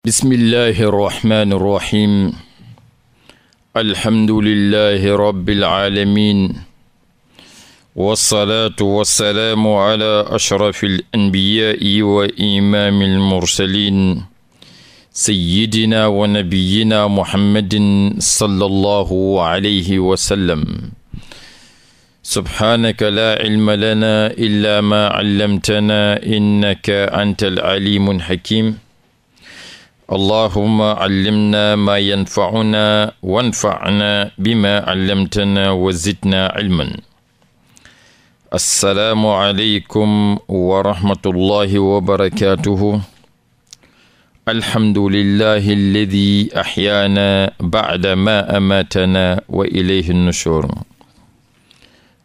bismillahi irrahmani irrahim alhamdulillahi rabbiilalamin walsalaatu walsalaamu ala ashrafi alanbiyaai wa imaami almursalin sayidina wa nabiyina muhammadin sala allahu alayhi wasallam subhaanaka laa cilma lana illa maa callamtana innaka anta alcalimu alxakim allahuma callimna maa yanfacunaa wanfacnaa bimaa callamtanaa wa zidnaa cilman assalaamu aleykum wa rahmatullahi wa barakaatuhu alhamdulillahi alladi axyaana bacda ma amaatana wa ilayhi nushur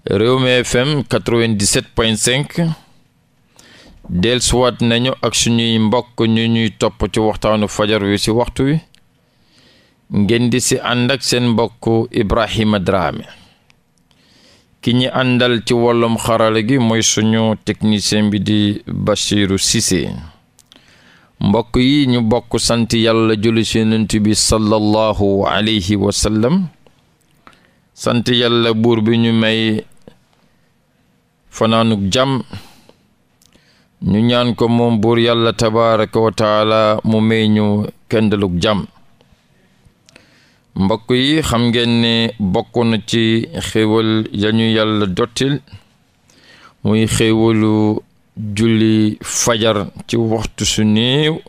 Rewmi FM 97.5 delsuwaat nañu ak suñuy mbokk ñu ñuy topp ci waxtaanu fajar wi ci waxtu wi ngeen di ci ànd ak seen mbokk Ibrahima Drame ki ñi àndal ci wàllum xarala gi mooy suñu technicien bi di Bachiru Cissé mbokk yi ñu bokk sant yàlla julli ci Yonent bi sallallahu alayhi wa sant yàlla buur bi ñu may fanaanug jàmm ñu ñaan ko moom buur yàlla tabaraka wa mu may ñu kendalug jàmm mbokk yi xam ngeen ne bokk na ci xéwal ya ñu yàlla dottil muy xéwalu julli fajar ci waxtu su néew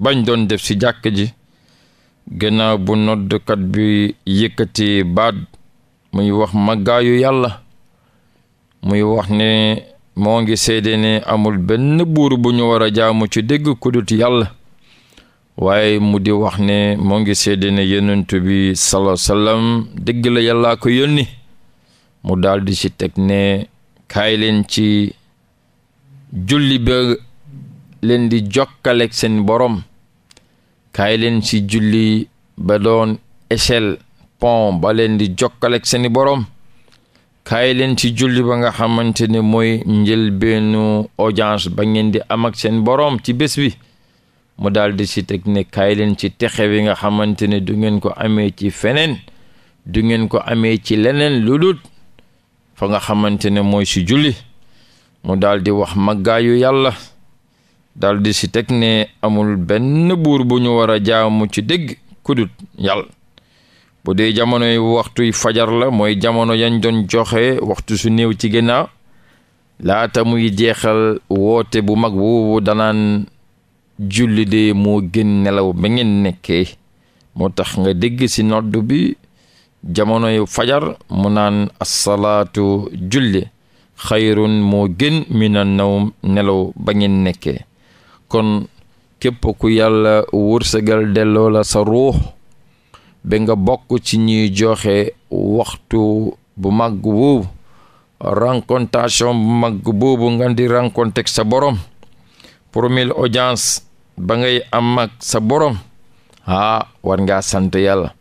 bañ doon def ci jàkk ji gannaaw bu noddkat bi yëkkati baat muy wax màggaayu yàlla muy wax ne moo ngi seede amul benn buur bu ñu war a jaamu ci dégg kudut yàlla waaye mu di wax ne moo ngi seede ne yonent bi sallallahu alayhi wasallam dégg la yàllaa ko mu daldi ci teg ne kaay ci julli ba leen di jokkaleeg seen borom kaay leen ci julli ba doon échelle pon ba leen di jokkaleeg seeni borom kaay leen ci julli ba nga xamante ne mooy njëlbeenu audience ba ngeen di am seen boroom ci bés wi mu daldi si teg ne kaay leen ci texe bi nga xamante ne du ngeen ko amee ci feneen du ngeen ko amee ci leneen lu fa nga xamante ne mooy si julli mu daldi di wax màggaayu yàlla daldi si teg ne amul benn buur bu ñu war a jaamu ci dégg kudut yàlla bu dee jamonoy waxtuy fajar la mooy jamono yañ doon joxe waxtu su néew ci ginnaaw laata muy jeexal woote bu mag boobu danaan julli de moo gën nelaw ba ngeen nekkee moo tax nga dégg ci nodd bi jamonoy fajar mu naan salaatu julli xayrun moo gën mina nawm nelaw ba ngeen nekke kon képp ku yàlla wërsëgal delloo la sa ruux ba bokk ci ñuy joxe waxtu bu mag boobu rencontation bu mag boobu nga di rencontre sa borom premier audience ba ngay am mag sa borom ah war ngaa sant yàlla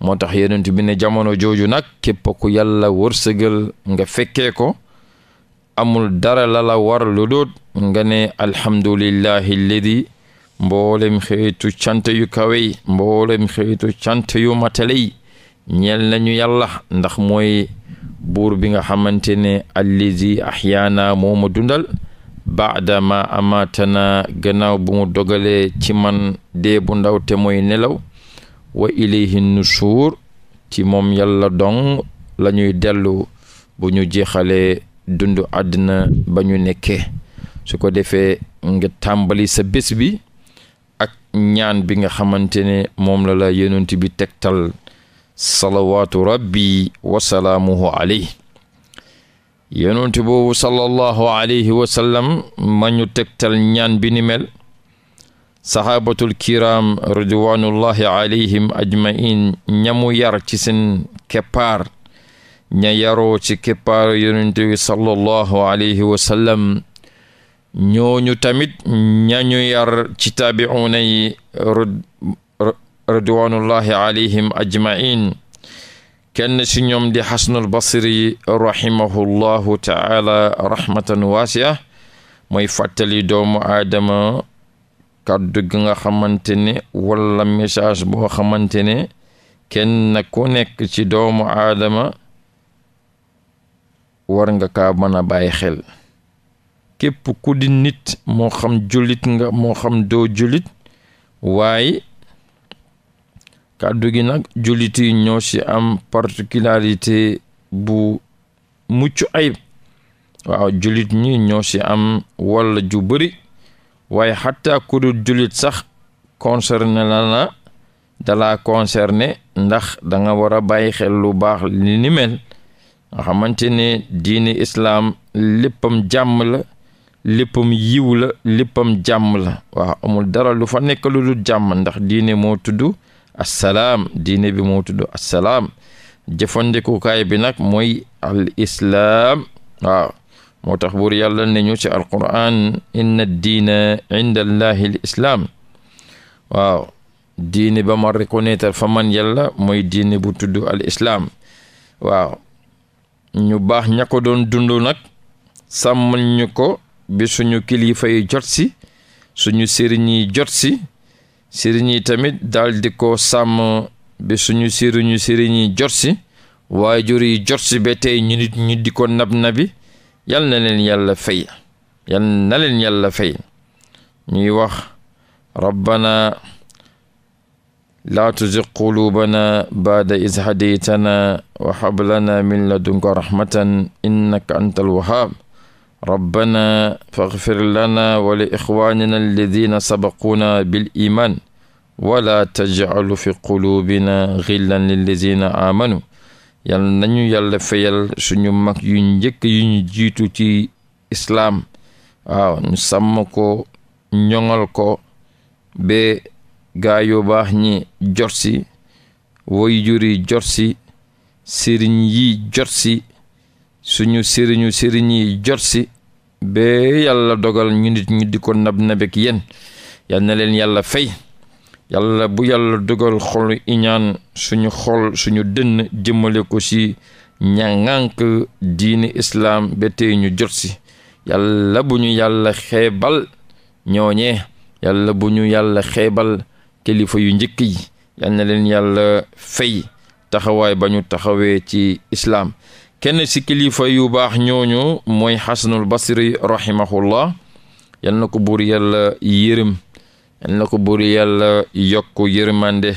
moo tax yonent bi ne jamono jooju nag képp ku yàlla wërsëgal nga fekkee ko amul dara lala la war lu dul nga ne alhamdulillahi alladi mboolem xeetu cant yu kawe yi mboolem xeetu cant yu matale yi ñeel nañu yàlla ndax mooy buur bi nga xamante ne allazi ahyaana moo ma dundal baada ma amaatana gannaaw bu mu dogalee ci man dee bu ndaw te mooy nelaw wa ilayhi nusuur ci moom yàlla dong lañuy dellu bu ñu jeexalee dundu àddina ba ñu nekkee su ko defee nga tàmbali sa bés bi ñaan bi nga xamante ne moom la la yonent bi tegtal salawaatu rabbi wasalaamuhu alayhi yonent boobu sallallahu alayhi wasallam ma ñu tegtal ñaan bi ni mel saxaabatul kiram ridwanullahi alayhim ajmain ñamu yar ci seen keppaar ña yaroo ci keppaar yonent bi sallallahu alayhi wasallam ñooñu tamit ñañu yar ci taabi'uuna yi ridwanullahi alayhim kenn si ñoom di xasnul basri rahimahullahu ta'ala rahmatan waasia mooy fàttali doomu aadama kàddu nga xamante ne wala message boo xamante ne kenn ku nekk ci doomu aadama war nga kaa mën a bàyyi xel képp ku nit moo xam jullit nga moo xam doo jullit waaye kàddu gi nag jullit yi ñoo ci am particularité bu mucc ay waaw jullit ñi ñoo ci am walla ju bari waaye xataa ku dul sax concerné na dalaa concerné ndax danga war a bàyyi xel lu baax li ni mel nga xamante ne diini islaam léppam jàmm la léppam yiw la léppam jàmm la waaw amul dara lu fa nekk lu dul jàmm ndax diine moo tudd assalaam diine bi moo tudd assalaam jëfandikukaay bi nag mooy al waaw moo tax buur yàlla ne ñu ci alquran inna diina inda allahi l islaam waaw diine ba mooy diine bu tudd al islaam waaw ñu baax ñakko doon dund nag sàmmal ñu ko bi suñu kilifa jotsi suñu sëriñ yi jot yi tamit daldi ko sàmm bi suñu sëriñu sëriñ jotsi jot si waajur yi jot ba tey ñu ñu di ko nab nabi yal na leen yàlla fay yal na leen yàlla fay ñuy wax rabbana laa tuzig quluubana baada is hadaytana wa hablana min ladunka rahmatan innaka antal wahhab rabbana faxfir lana wa li ixwanina alladina sabaquuna bil iman wala tajcalu fi quluubina xillan lilladina aamanu yal nañu yàlla fayal suñu mag yu njëkk yu ñu jiitu ci islaam waaw ñu sàmm ko ñoŋal ko ba gaa baax ñi jot si waajur yi yi jot si suñu sëriñu sëriñ yi si ba yàlla dogal ñu nit ñu di ko nab nabek yéen yal na leen yàlla fay yàlla bu yàlla dogal xolu iñaan suñu xol suñu dënn jëmale ko ci ñàngank diini islaam ba tey ñu jot si yàlla bu ñu yàlla xeebal ñooñee yàlla bu ñu yàlla xeebal kilifa yu njëkk yi yal leen yàlla fay taxawaay ba ñu taxawee ci islaam kenn ci kilifa yu baax ñooñu mooy xasanul basri rahimahullah yal na ko buur yàlla yërëm yal na ko buur yàlla yokk yërmande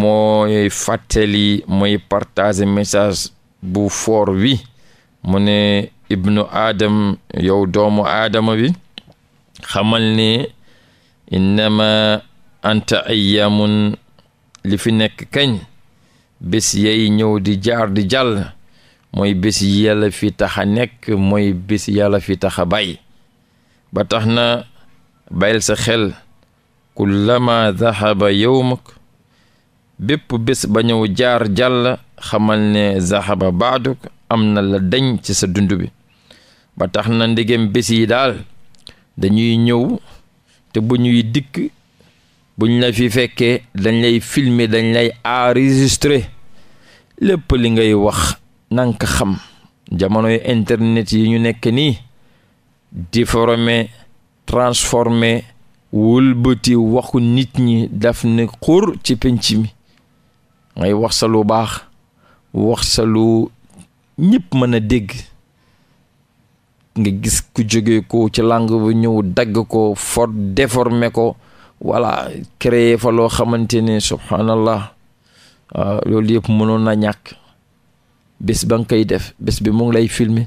mooy fàttali mooy partager message bu foor wi mu ibnu aadam yow doomu aadama bi xamal ni innama anta ayyamun li fi nekk kañ bés yay ñëw di jaar di jàll mooy bés yàlla fi tax a nekk mooy bés yàlla fi tax a bàyyi ba tax na bàyyil sa xel ku kullama zahaba yowmak bépp bés ba ñëw jaar jàll xamal ne zahaba baaduk am na la dañ ci sa dund bi ba tax na ndegem bés yi daal dañuy ñëw te bu ñuy dikk buñ la fi fekkee dañ lay filmer dañ lay enregistrer lépp li ngay wax nank xam jamono internet yi ñu nekk nii déformé transformé wëlbati waxu nit ñi daf ne xur ci pénc mi ngay wax sa lu baax waxsalu sa ñëpp mën a dégg nga gis ku jóge ko ci langue bu ñëw dagg ko for déformé ko walla créé fa loo xamante ne subhanallah loolu yëpp mënoon na ñàkk bés ba nga koy def bés bi mu ngi lay filmer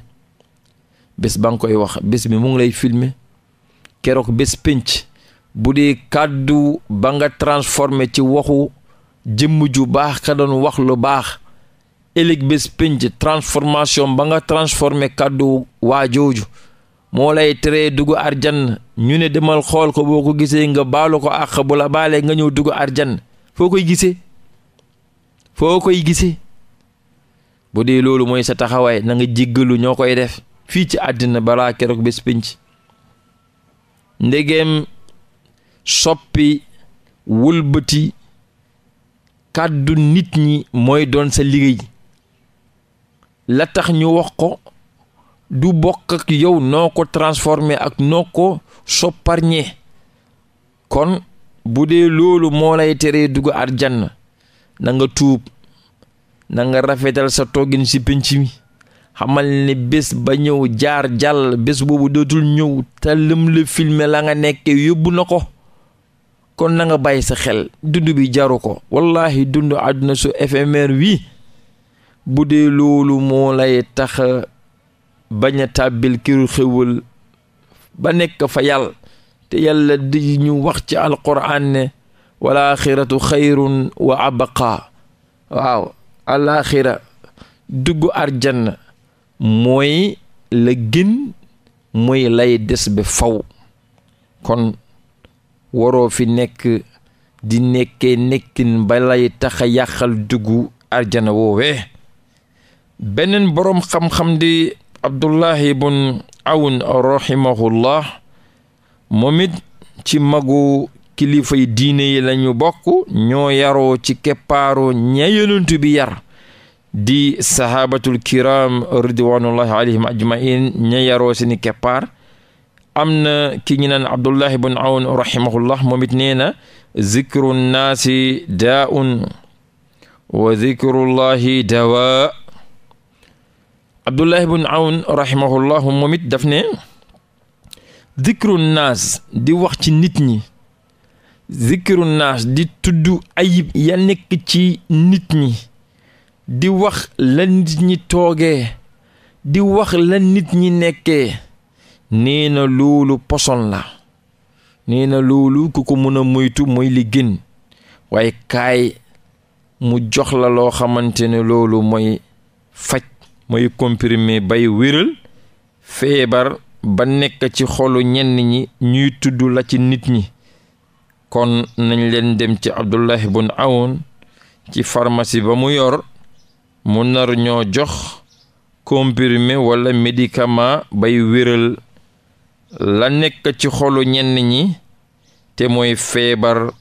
bés ba nga koy wax bés bi mu ngi lay filmer keroog bés pénc bu dee kàddu ba nga transformé ci waxu jëmm ju baax ka doon wax lu baax ëllëg bés pénc transformation ba nga transformé kàddu waa jooju moo lay teree dugg arjan ñu ne demal xool ko boo ko gisee nga baalu ko àq bu la baalee nga ñëw dugg arjan foo koy gisee foo koy gisee bu dee loolu mooy sa taxawaay nanga nga jéggalu ñoo koy def fii ci àddina balaa keroog bés pénc ndegem soppi wëlbati kàddu nit ñi mooy doon sa liggéey la tax ñu wax ko du bokk ak yow noo ko transformé ak noo ko sopparñe kon bu dee loolu moo lay teree dugg àjjana na nga tuub nanga rafetal sa toggin ci pénc mi xamal ne bés ba ñëw jaar jàll bés boobu dootul ñëw te lëm la nga nekke yóbbu na ko kon na nga bàyyi sa xel dund bi jaru ko wallahi dund àdduna su éphémère wi bu dee loolu moo lay tax bañ a tàbbil kiru xewal ba nekk fa yàlla te yàlla di ñu wax ci alquran ne wal axiratu xayrun wa abqa waaw alaxira dugg arjanna mooy la gën mooy lay des ba faw kon waroo fi nekk di nekkee nekkin ba lay tax a yàqal dugg arjana woowee beneen boroom xam-xam di abdullahi bun awn rahimahullah moom ci magu kilifay diine yi lañu bokk ñoo yaroo ci keppaaru ña yonent bi yar di sahabatul kiram ridwanullahi alayhim ajmain ña yaroo seeni keppaar am na ki ñu naan abdullah ibn awn rahimahullah moom it nee di wax ci nit ñi zikiru naas di tudd ayib ya nekk ci nit ñi di wax la nit ñi toogee di wax la nit ñi nekkee nee na loolu poson la nee na loolu ku ko mën a moytu mooy li gën waaye kaay mu jox la loo xamante ne loolu mooy faj mooy comprimé bay wéral feebar ba nekk ci xolu ñenn ñi ñuy tudd la ci nit ñi kon nañ leen dem ci Abdullah bun Awn ci pharmacie ba mu yor mu nar ñoo jox comprimé wala médicament bay wéral la nekk ci xolu ñenn ñi te mooy feebar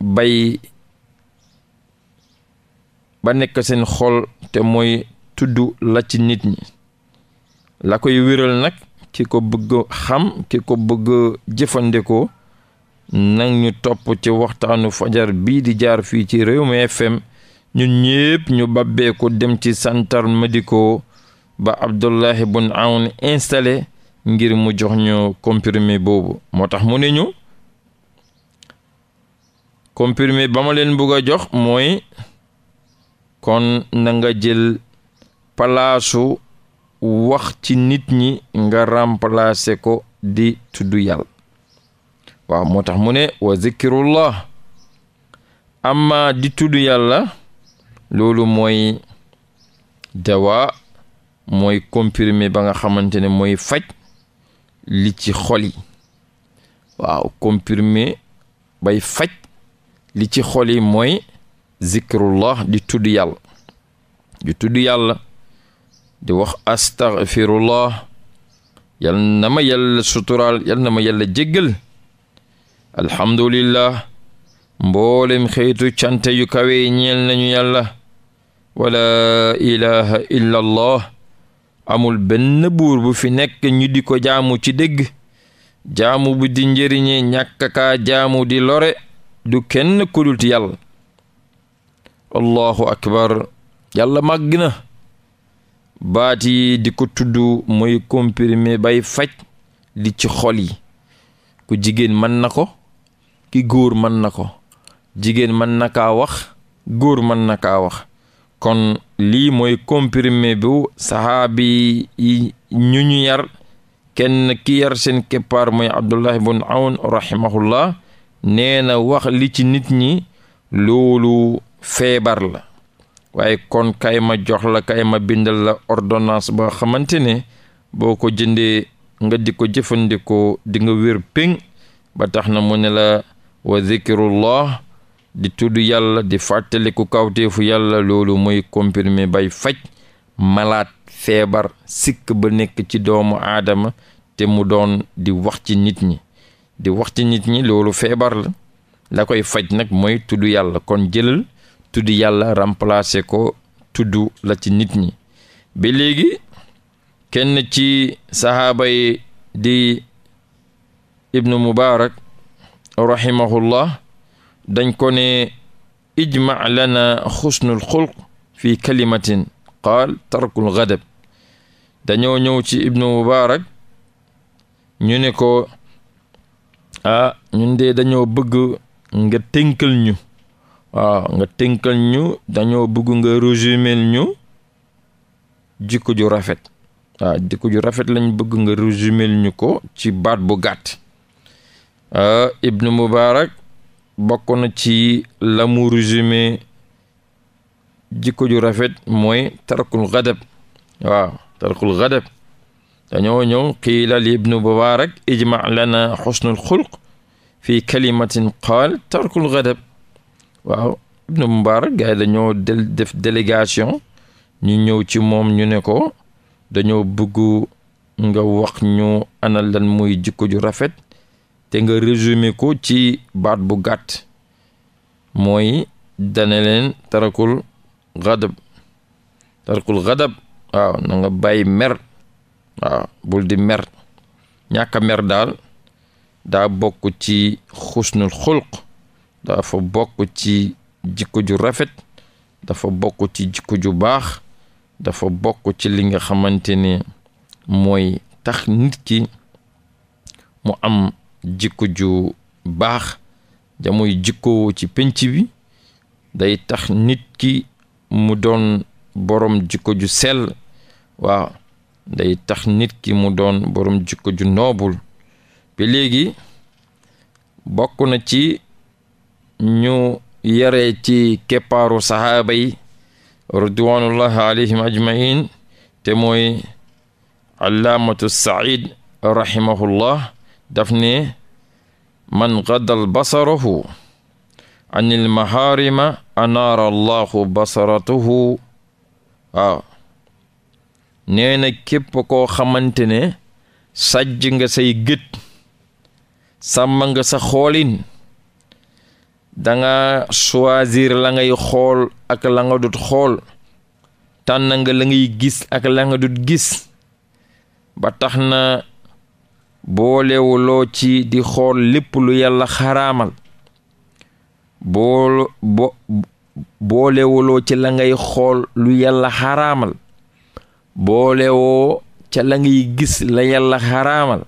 bay ba nekk seen xol te mooy tudd la ci nit ñi la koy wéral nag ki ko bëgg xam ki ko bëgg jëfandikoo nag ñu topp ci waxtaanu fajar bii di jaar fii ci réew Rewmi FM ñun ñépp ñu babbeeku dem ci santar médico ba Abdullahi bun Awn installé ngir mu jox ñu comprimé boobu moo tax mu ne ñu comprimé ba ma leen bugg a jox mooy kon na nga jël palaasu wax ci nit ñi nga remplacer ko di tudd waaw moo tax mu ne wa zikrullah amma di tudd yàlla loolu mooy dawa mooy comprimé ba nga xamante ne mooy faj li ci xol yi waaw comprimé bay faj li ci xoli yi mooy zikrullah di tudd yàlla di tudd yàlla di wax astaghfirullah yal na ma yàlla suturaal yal na ma yàlla jéggal alhamdulillah mboolem xeetu cante yu kawe ñeel nañu yàlla wala ilaha illa allah amul benn buur bu fi nekk ñu di ko jaamu ci dégg jaamu bu di njëriñe ñàkk kaa jaamu di lore du kenn kudult yàlla allahu akbar yàlla màgg na baat yi di ko tudd mooy comprimé bay faj di ci xol yi ku jigéen mën na ko ki góor man na ko jigéen mën na kaa wax góor man na kaa wax kon lii mooy comprimé bu sahaabi yi ñu ñu yar kenn ki yar seen keppaar mooy abdullah bun awn rahimahullah nee na wax li ci nit ñi loolu feebar la waaye kon kay ma jox la kay ma bindal la ordonnance ba xamante ne boo ko jëndee nga di ko jëfandikoo di nga wér péng ba tax na mu ne la wa zikrullah di tudd yàlla di fàttaliku kawteefu yàlla loolu mooy comprimé bay faj malaat feebar sikk ba nekk ci doomu aadama te mu doon di wax ci nit ñi di wax ci nit ñi loolu feebar la la koy faj nag mooy tudd yàlla kon jëlal tudd yàlla remplacer ko tudd la ci nit ñi bi léegi kenn ci sahaaba yi di ibnu mubarak rahimahullah dañ ko ne ijma lana xusnul xulq fi kalimatin qaal tarkul gadab dañoo ñëw ci ibnu mubarak ñu ne ko ah ñun dañoo bëgg nga tënkal ñu waaw ñu dañoo bëgg nga résumel ñu jikko ju rafet waaw jikko ju rafet lañ bëgg nga résumel ñu ko ci baat bu gàtt Euh, ibnu mubaarak bokk na ci la résumé jikko ju rafet mooy tarkul gadab waaw tarkul gadab dañoo ñëw qiila li ibnu mubaarak ijma lana xusnul xulq fi kalimatin qaal tarku gadab waaw ibnu mubaarak gars yi dañoo del def ñu ñëw ci moom ñu ne ko dañoo bëgg nga wax ñu ana lan muy jikko ju rafet te nga résumé ko ci baat bu gàtt mooy dane leen tarakul xadab tarakul xadab waaw na nga bàyyi mer waaw bul di mer ñàkk mer daal daa bokk ci xusnul xulq dafa bokk ci jikko ju rafet dafa bokk ci jikko ju baax dafa bokk ci li nga xamante ni mooy tax nit ki mu am jikko ju baax jamuy jikkoo ci penc bi day tax mu doon borom jikko ju sell waaw day tax nit ki mu doon borom jikko ju noobul ba léegi bokk na ci ñu yare ci keppaaru sahaaba yi ridwanullahi ajmain te mooy allaamatu said rahimahullah daf ne man gadal basarahu anil maharima anaara allahu basaratuhu waaw nee na képp koo xamante ne sàjj nga say gët sàmm nga sa xoolin danga choisir la ngay xool ak la nga xool tànn nga la ngay gis ak la nga gis ba tax na boolewuloo ci di xool lépp lu yàlla xaraamal boolewuloo ci la ngay xool lu yàlla xaraamal boolewoo ca la ngay gis la yàlla xaraamal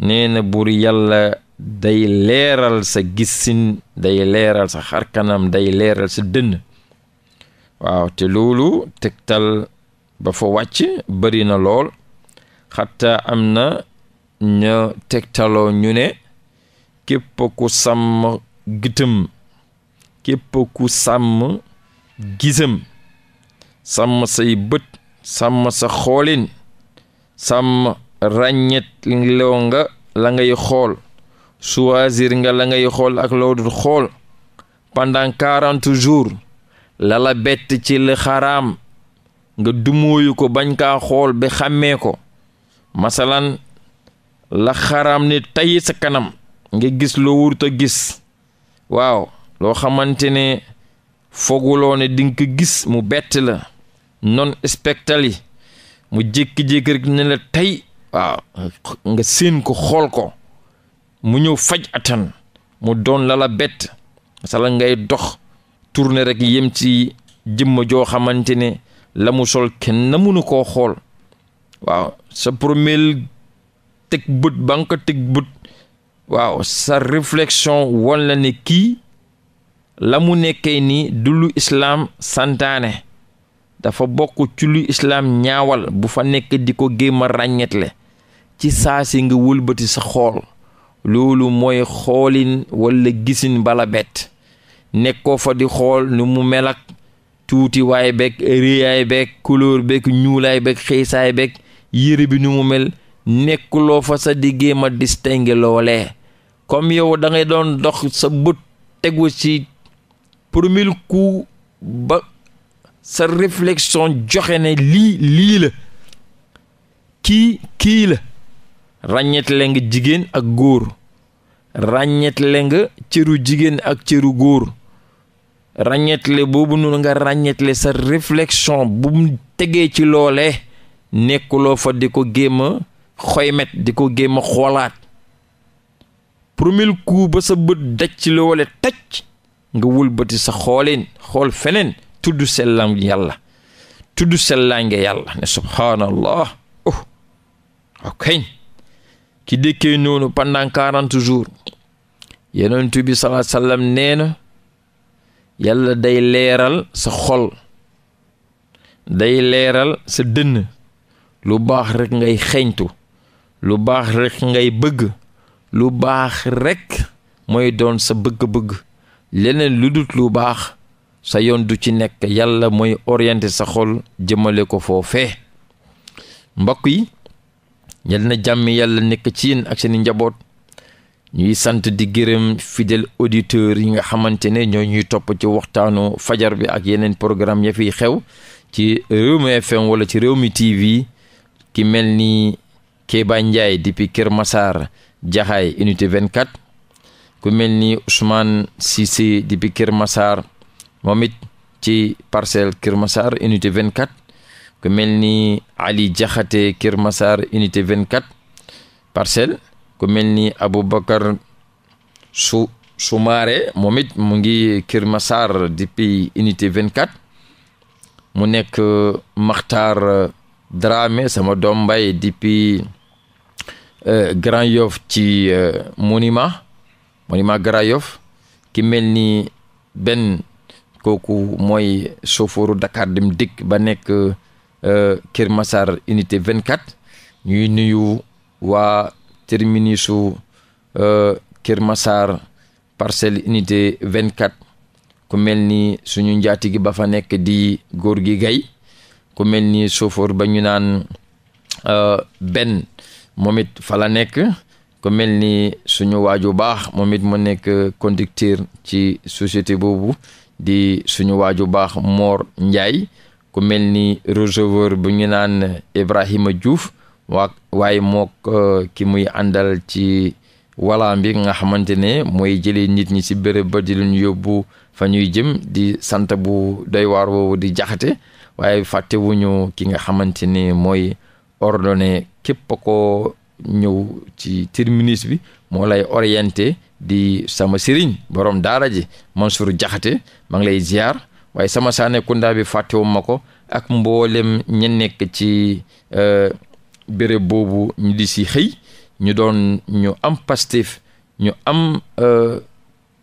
neena bur buur yàlla day leeral sa gisin day leeral sa xarkanam day leeral sa dënn waaw te loolu tegtal ba fa wàcc bari na lool xataa am na ñu tegtaloo ñu ne képp ku sàmm gëtëm képp ku sàmm gisam sàmm say bët sàmm sa xoolin sàmm ràññet loo nga la ngay xool choisir nga la ngay xool ak loo dul xool pendant quarante jours la la bett ci la xaraam nga dumóoyu ko bañ ka xool ba xàmmee ko masalan la xaram ne tey sa kanam nga gis loo wurut a gis waaw loo xamante ne fooguloo ne dinga gis mu bett la non spectal mu jékki-jékki rek ne la tey waaw nga séen ko xool ko mu ñëw faj atan mu doon lala la bett masala ngay dox tourner rek yem ci jëmm joo xamante ne la mu sol kenn na munu koo xool waaw sa premier teg bët ba nga teg bët waaw sa réflexion wan la ne kii la mu nekkee nii du lu islaam santaane dafa bokk ci lu islaam ñaawal bu fa nekk di ko géem ràññetle ci saasi nga wëlbati sa xool loolu mooy xoolin walla gisin bala bett nekkoo fa di xool nu mu mel ak tuuti waay beeg réyaay beeg couleur beeg ñuulaay beeg xeesaay beeg yére bi nu mu mel nekkuloo fa sa diggee ma distingue loolee comme yow dangay doon dox sa bët tegu ci premier coup ba sa réflexion joxe ne lii lii la kii kii la ràññetle nga jigéen ak góor ràññetle nga cëru jigéen ak cëru góor ràññetle boobu noonu nga ràññeetle sa réflexion bu mu tegee ci loole nekkuloo fa di ko gémma xoymet di ko géem xoolaat premier coup sa bët daj ci loole taj nga wëlbati sa xooleen xool feneen tudd sellam yàlla tudd sellaange yàlla ne subhaanallah oh ok ki dëkkee noonu pendant quarante jours yonent nee na yàlla day leeral sa xol day leeral sa dënn lu baax rekk ngay xeeñtu lu baax rekk ngay bëgg lu baax rek mooy doon sa bëgg-bëgg leneen lu dut lu baax sa yoon du ci nekk yàlla mooy orienté sa xol jëmmale ko foofee mbokk yi yal na jàmm yàlla nekk ci yéen ak seeni njaboot ñuy sant di gërëm fidèle auditeurs yi nga xamante ne ñoo ñuy topp ci waxtaanu fajar bi ak yeneen programme ya fiy xew ci Rewmi FM wala ci Rewmi TV ki mel ni Kéba Ndiaye depuis Kër Massar Jaxaay unité 24 ku mel ni Ousmane Cissé depuis Kër masar moom ci parcelle Kër Massar unité 24 ku mel ni Ali Jaxate Kër masar unité 24 parcelle ku mel ni Aboubacar Su Soumaré moom mu ngi Kër Massar depuis unité 24 mu nekk Makhtar Dramé sama doom mbay Euh, Grand Yoff ci monument euh, monument Grand Yoff ki mel ni benn kooku mooy sofooru Dakar dem dikk ba nekk euh, Kër masar unité vingt 24 ñu nuyu waa terminusu Kër Massar parcelle unité 24 ku mel ni suñu njaati gi ba fa nekk di góor gi gay ku mel ni sofoor ba ñu naan benn moom fala nekk ku mel ni suñu waaju baax moom mu nekk conducteur ci société boobu di suñu waaju baax Mor Ndiaye ku mel ni receveur bu ñu naan Ibrahima juuf waa waaye mook euh, ki muy àndal ci wala bi nga xamante ne mooy jëlee nit ñi si bërëb ba di leen yóbbu fa ñuy jëm di sant bu doy waar woowu di jaxate waaye fàttewuñu ki nga xamante ne mooy ordonné képp ko ñëw ci terminus bi moo lay orienté di sama sëriñ borom daara ji Mansour Jaxate maa ngi lay ziar waaye sama saane kunda bi fàttewum ma ko ak mboolem ñi nekk ci euh, béréb boobu ñu di si xëy ñu doon ñu am pastif ñu am euh,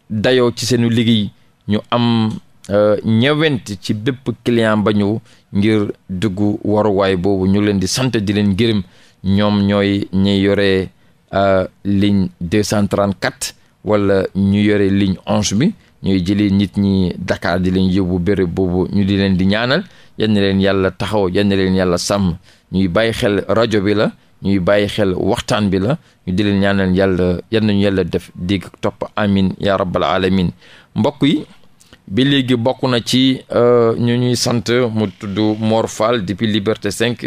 dayoo ci seenu liggéey ñu am euh, ñëwent ci bépp client ba ñëw ngir dugg waruwaay boobu ñu leen di sant di leen gërëm ñoom ñooy ñi yore euh, ligne deux cent trente quatre wala ñu yore ligne onze bi ñuy jëlee nit ñi dakaar di leen yóbbu béréb boobu ñu di leen di ñaanal yal leen yàlla taxaw yal leen yàlla sàmm ñuy bàyyi xel rajo bi la ñuy bàyyi xel waxtaan bi la ñu di leen ñaanal yàlla yal nañu yàlla def dégg topp amin ya rabbal alamin mbokk yi. bi léegi bokk na ci euh, ñu ñuy sant mu tudd Mor Fall depuis Liberté cinq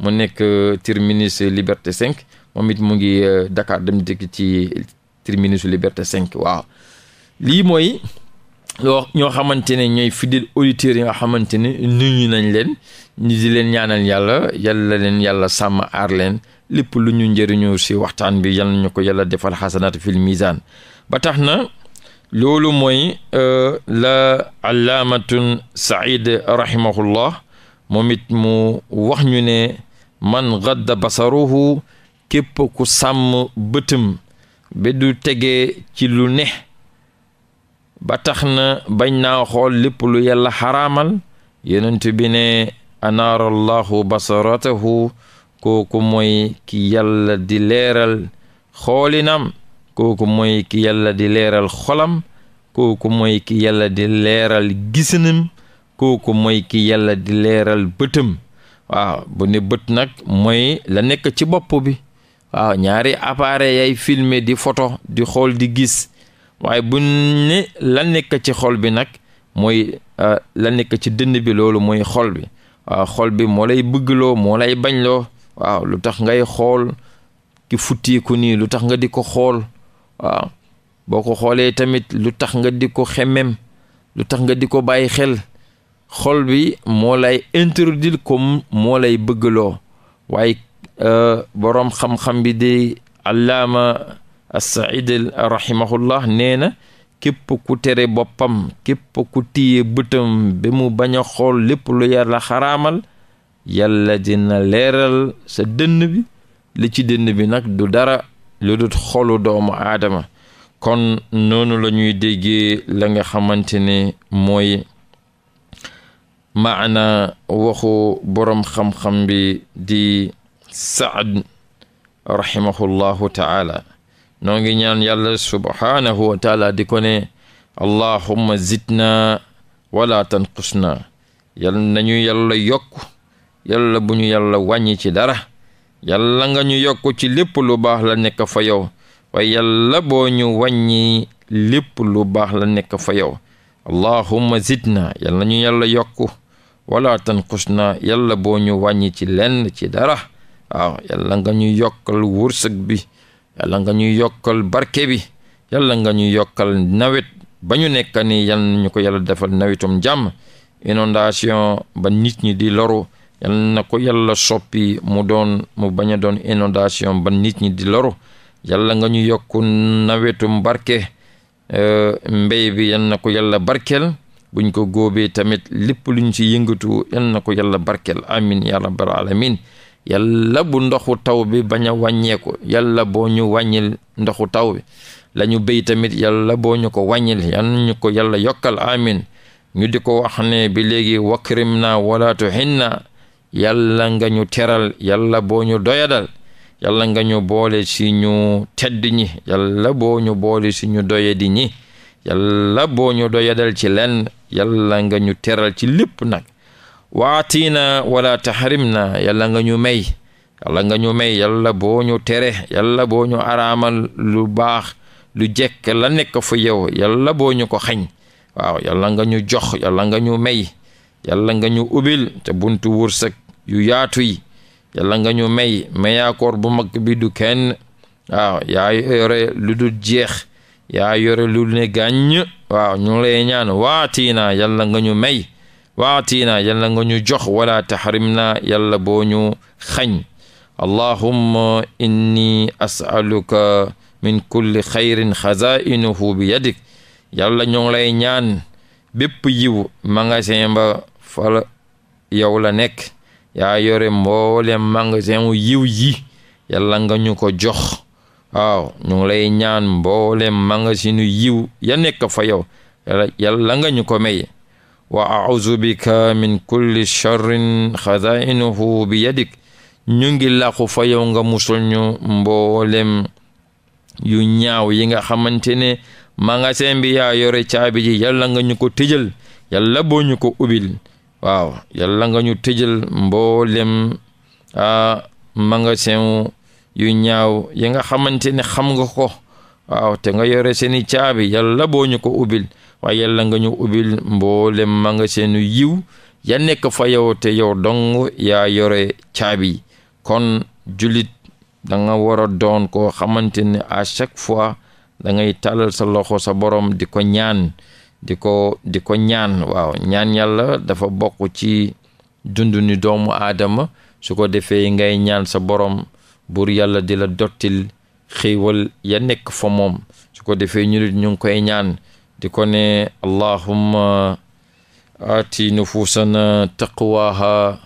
mu nekk terminus euh, Liberté cinq moom it mu ngi euh, Dakar dem dëkk ci terminus Liberté cinq waaw lii mooy loo ñoo xamante ne ñooy fidèles auditeurs yi nga xamante ne nuyu nañ leen ñu di leen ñaanal yàlla yàlla leen yàlla sàmm aar leen lépp lu ñu njëriñu si waxtaan bi yal nañu ko yàlla defal xasanaat fil mizaan ba tax na. loolu mooy euh, la allaamatun said rahimahullah moom it mu wax ñu ne man gadda basaruhu képp ku sàmm bëtam ba du tegee ci lu ne ba tax na bañ naa xool lépp lu yàlla xaraamal yonent bi ne anaara allahu basaratahu kooku mooy ki yàlla di leeral xoolinam kooku mooy ki yàlla di leeral xolam kooku mooy ki yàlla di leeral gisinam kooku mooy ki yàlla di leeral bëtam waaw bu ne bët nag mooy la nekk ci bopp bi waaw ñaari appareil yay filme di photo di xool di gis waaye bu ne la nekk ci xol bi nag mooy euh, la nekk ci dënn bi loolu mooy xol bi waaw xol bi moo lay bëggloo moo lay bañloo waaw lu tax ngay xool ki futteeku nii lu tax nga di ko xool waaw boo ko xoolee tamit lu tax nga di ko xemmem lu tax nga di ko bàyyi xel xool bi moo lay introduire comme moo lay bëggloo waaye euh, boroom xam-xam bi di allaama as-said rahimahullah nee na képp ku tere boppam képp ku téye bëtam bi mu bañ a xool lépp lu yàlla xaraamal yàlla dina leeral sa dënn bi li ci dënn bi nag du dara lu dul xolu doomu aadama kon noonu la ñuy déggee la nga xamante ne mooy maana waxu boroom xam-xam bi di saad rahimahullahu taala noo ngi ñaan yàlla subhaanahu wa di kone ne allahumma zidna wala tanqusna yal nañu yàlla yokk yalla bu ñu yàlla wàññi ci dara yàlla nga ñu yokk ci lépp lu baax la nekk fa yow waaye yàlla boo ñu wàññi lépp lu baax la nekk fa yow allahumma na yàlla ñu yàlla yokku wala tanqusna yàlla boo ñu wàññi ci lenn ci dara waaw yàlla nga ñu yokkal wërsëg bi yàlla nga ñu yokkal barke bi yàlla nga ñu yokkal nawet ba ñu nekk ni yàlla ñu ko yàlla defal nawetum jàmm inondation ba nit ñi di loru yal na ko yalla soppi mu doon mu bañ a doon inondation ba nit ñi di loru yàlla nga ñu yokk nawetu barke mbéy bi yal na ko yàlla barkel buñ ko góobee tamit lépp luñ ci yëngatu yal na ko yàlla barkel amin ya alamin yàlla bu ndoxu taw bi bañ a wàññeeku yàlla boo ñu wàññil ndoxu taw bi la béy tamit yàlla boo ñu ko wàññil yan ñu ko yàlla yokkal amin ñu di ko wax ne bi léegi wakrim naa yàlla nga ñu teral yàlla boo ñu doyadal yàlla nga ñu boole si ñu tedd ñi yàlla boo ñu boole si ñu doyadi ñi yàlla boo ñu doyadal ci lenn yàlla nga ñu teral ci lépp nag waatiina wala taxarim na yàlla nga ñu may yàlla nga ñu may yàlla boo ñu tere yàlla boo ñu araamal lu baax lu jekk la nekk fu yow yàlla boo ñu ko xañ waaw yàlla nga ñu jox yàlla nga ñu may yàlla nga ñu ubil te buntu wërsëg yu yaatu yi yàlla nga ñu may mayaakoor bu mag bi du kenn yaa yore lu du jeex yaa yore lu ne gàññ waaw ñu ngi lay ñaan waatiina yàlla nga ñu may waatiina yàlla nga ñu jox wala taxrimna yàlla boo ñu xañ allahumma inni as'aluka min kulli xayrin xazainuhu bi yadik yàlla ñu ngi ñaan bépp yiw magasin ba fala yow la nekk yaa yore mboolem magasin wu yiw yi yàlla nga ñu ko jox waaw ñu ngi lay ñaan mboolem magasin wu yiw ya nekk fa yow yàlla nga ñu ko may wa auzu bika min kulli sharrin xazainuhu bi yadik ñu ngi làqu fa yow nga musul ñu mboolem yu ñaaw yi nga xamante ne magasin bi yaa yore caabi ji yàlla nga ñu ko tëjal yàlla boo ñu ko ubil waaw yàlla nga ñu tëjal mboolem manga magasin yu ñaaw yi nga xamante ne xam nga ko waaw te nga yore seeni caabi yalla boo ñu ko ubbil waaye yàlla nga ñu ubbil mboolem magasin yu yiw ya nekk fa yow te yow dong yaa yore caabi kon julit da nga war a doon koo xamante ne à chaque fois da ngay tàllal sa loxo sa borom di ko ñaan di ko di ko ñaan waaw ñaan yàlla dafa bokk ci dundu doomu aadama su ko defee ngay ñaan sa borom buur yàlla di la dottil xéewal ya nekk fa moom su ko defee ñu nit ñu ngi koy ñaan di ko ne allahumma aati nufuusana taqwaha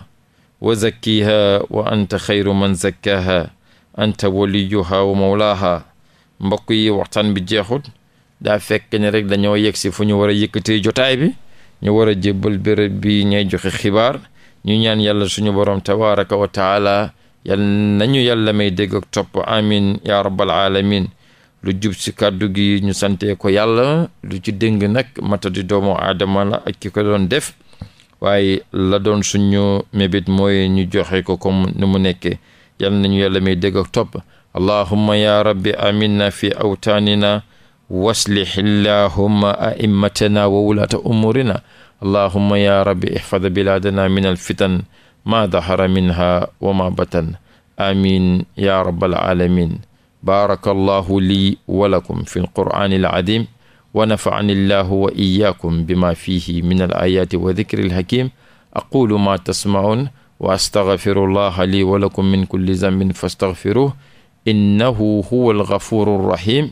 wa zakkiha wa anta xayru man zakkaha anta waliyuha wa mawlaha mbokk yi waxtan bi jeexut daa fekk ne rek dañoo yegg si fu ñu war a yëkkatee jotaay bi ñu war a jébbal béréb bi ñay joxe xibaar ñu ñaan yàlla suñu borom tabaraka wa taala yal nañu yàlla may dégg ak topp amin ya rabbal alamin lu jub si kàddu gi ñu sante ko yàlla lu ci dëng nag mata di doomu aadama la ak ki def waaye la doon suñu mébét mooy ñu joxe ko kom ni mu nekkee yal nañu yàlla may dégg ak topp allahumma ya rabbi aminna fi awtaanina waslih allahuma aimmatana wa wulaata umurina allahuma ya rabbi ihfad bilaadana min alfitan ma dahara minha wa ma batan amin ya rabbal alamin baraka allahu lii wa lakum fi alqur'ani alazim wa nafa'ani allahu wa iyyakum bima fihi min alayati wa dhikri alhakim aqulu ma tasma'un wa astaghfiru allaha lii wa lakum min kulli zambin fastaghfiruh innahu huwa alghafuru rahim